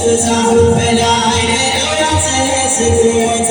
ከትዛዙ በላይ ስግታ ስትወጣ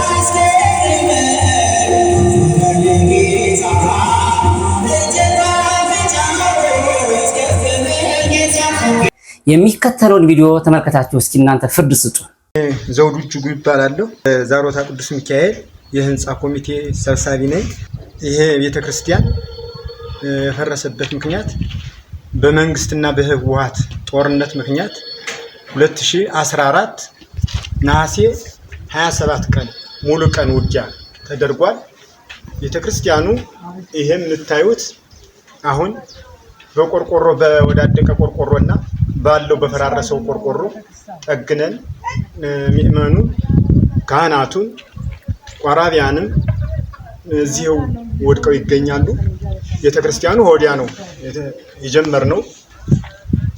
የሚከተለውን ቪዲዮ ተመልከታችሁ እስኪ እናንተ ፍርድ ስጡ። ዘውዱ እጅጉ ይባላለሁ። ዛሮታ ቅዱስ ሚካኤል የህንፃ ኮሚቴ ሰብሳቢ ነኝ። ይሄ ቤተክርስቲያን የፈረሰበት ምክንያት በመንግስትና በህወሀት ጦርነት ምክንያት 2014 ነሐሴ 27 ቀን ሙሉ ቀን ውጊያ ተደርጓል። ቤተክርስቲያኑ ይሄ የምታዩት አሁን በቆርቆሮ በወዳደቀ ቆርቆሮና ባለው በፈራረሰው ቆርቆሮ ጠግነን ምእመኑ ካህናቱን ቋራቢያንም እዚው ወድቀው ይገኛሉ። ቤተ ክርስቲያኑ ሆዲያ ነው የጀመርነው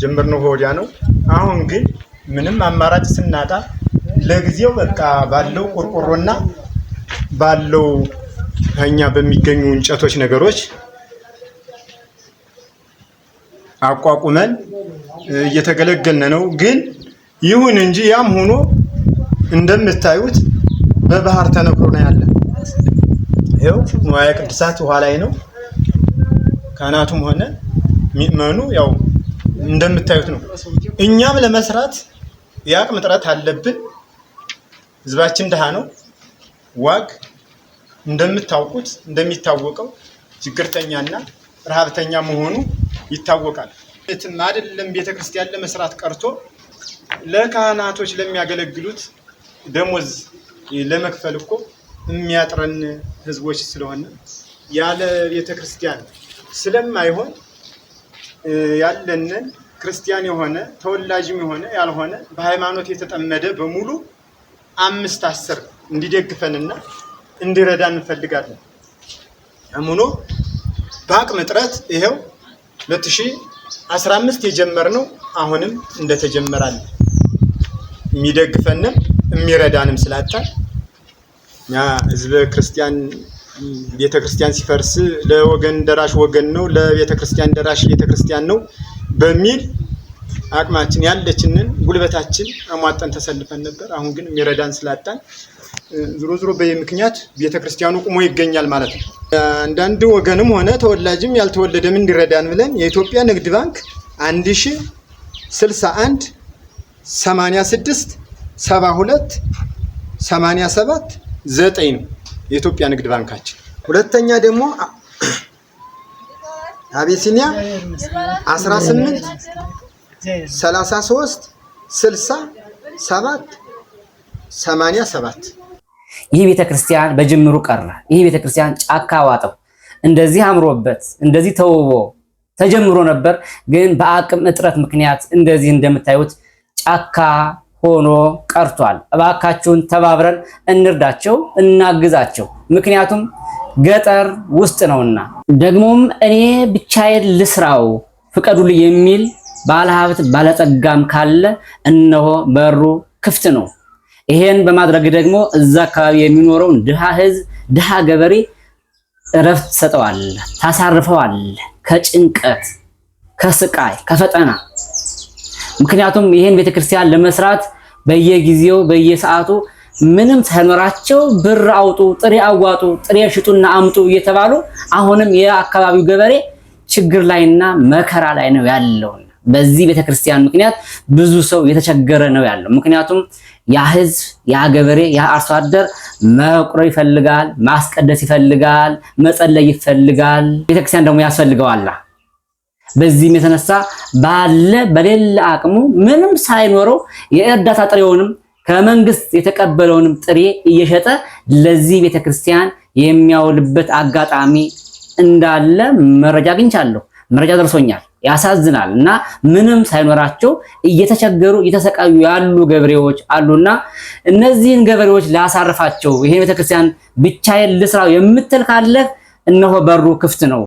ጀመርነው ሆዲያ ነው። አሁን ግን ምንም አማራጭ ስናጣ ለጊዜው በቃ ባለው ቆርቆሮና ባለው ከኛ በሚገኙ እንጨቶች ነገሮች አቋቁመን እየተገለገልን ነው። ግን ይሁን እንጂ ያም ሆኖ እንደምታዩት በባህር ተነክሮ ነው ያለ። ይኸው ንዋየ ቅድሳት ውሃ ላይ ነው። ካህናቱም ሆነ ምእመኑ ያው እንደምታዩት ነው። እኛም ለመስራት የአቅም ጥረት አለብን። ህዝባችን ድሃ ነው። ዋግ እንደምታውቁት እንደሚታወቀው ችግርተኛና ረሃብተኛ መሆኑ ይታወቃል። ትም አይደለም ቤተ ክርስቲያን ለመስራት ቀርቶ ለካህናቶች ለሚያገለግሉት ደሞዝ ለመክፈል እኮ የሚያጥረን ህዝቦች ስለሆነ ያለ ቤተ ክርስቲያን ስለማይሆን ያለንን ክርስቲያን የሆነ ተወላጅም የሆነ ያልሆነ በሃይማኖት የተጠመደ በሙሉ አምስት አስር እንዲደግፈንና እንዲረዳ እንፈልጋለን። አምኖ በአቅም እጥረት ይኸው ሁለት ሺህ አስራ አምስት የጀመርነው አሁንም እንደተጀመራል የሚደግፈንም የሚረዳንም ስላጣን ያ ህዝበ ክርስቲያን ቤተ ክርስቲያን ሲፈርስ ለወገን ደራሽ ወገን ነው፣ ለቤተ ክርስቲያን ደራሽ ቤተ ክርስቲያን ነው በሚል አቅማችን ያለችንን ጉልበታችን አሟጠን ተሰልፈን ነበር። አሁን ግን የሚረዳን ስላጣን ዝሮ ዝሮ በየ ምክንያት ቤተክርስቲያኑ ቁሞ ይገኛል ማለት ነው። አንዳንድ ወገንም ሆነ ተወላጅም ያልተወለደም እንዲረዳን ብለን የኢትዮጵያ ንግድ ባንክ 1061 86 72 87 9 ነው የኢትዮጵያ ንግድ ባንካችን። ሁለተኛ ደግሞ አቢሲኒያ 18 ሰላሳ ሶስት ስልሳ ሰባት ሰማንያ ሰባት ይህ ቤተ ክርስቲያን በጅምሩ ቀረ። ይህ ቤተ ክርስቲያን ጫካ ዋጠው። እንደዚህ አምሮበት እንደዚህ ተውቦ ተጀምሮ ነበር። ግን በአቅም እጥረት ምክንያት እንደዚህ እንደምታዩት ጫካ ሆኖ ቀርቷል። እባካችሁን ተባብረን እንርዳቸው፣ እናግዛቸው። ምክንያቱም ገጠር ውስጥ ነውና ደግሞም እኔ ብቻዬን ልስራው ፍቀዱልኝ የሚል ባለሀብት ባለጸጋም ካለ እነሆ በሩ ክፍት ነው። ይሄን በማድረግ ደግሞ እዛ አካባቢ የሚኖረውን ድሃ ህዝብ፣ ድሃ ገበሬ እረፍት ሰጠዋል፣ ታሳርፈዋል ከጭንቀት ከስቃይ ከፈጠና። ምክንያቱም ይሄን ቤተክርስቲያን ለመስራት በየጊዜው በየሰዓቱ ምንም ሳይኖራቸው ብር አውጡ፣ ጥሬ አዋጡ፣ ጥሬ ሽጡና አምጡ እየተባሉ አሁንም የአካባቢው ገበሬ ችግር ላይና መከራ ላይ ነው ያለውን በዚህ ቤተክርስቲያን ምክንያት ብዙ ሰው የተቸገረ ነው ያለው። ምክንያቱም ያ ህዝብ፣ ያ ገበሬ፣ ያ አርሶ አደር መቁረብ ይፈልጋል፣ ማስቀደስ ይፈልጋል፣ መጸለይ ይፈልጋል። ቤተክርስቲያን ደግሞ ያስፈልገዋል። በዚህም የተነሳ ባለ በሌለ አቅሙ ምንም ሳይኖረው የእርዳታ ጥሬውንም ከመንግስት የተቀበለውንም ጥሬ እየሸጠ ለዚህ ቤተክርስቲያን የሚያውልበት አጋጣሚ እንዳለ መረጃ አግኝቻለሁ። መረጃ ደርሶኛል። ያሳዝናል። እና ምንም ሳይኖራቸው እየተቸገሩ እየተሰቃዩ ያሉ ገበሬዎች አሉና እነዚህን ገበሬዎች ላሳርፋቸው፣ ይሄን ቤተክርስቲያን ብቻዬን ልስራው የምትል ካለ እነሆ በሩ ክፍት ነው።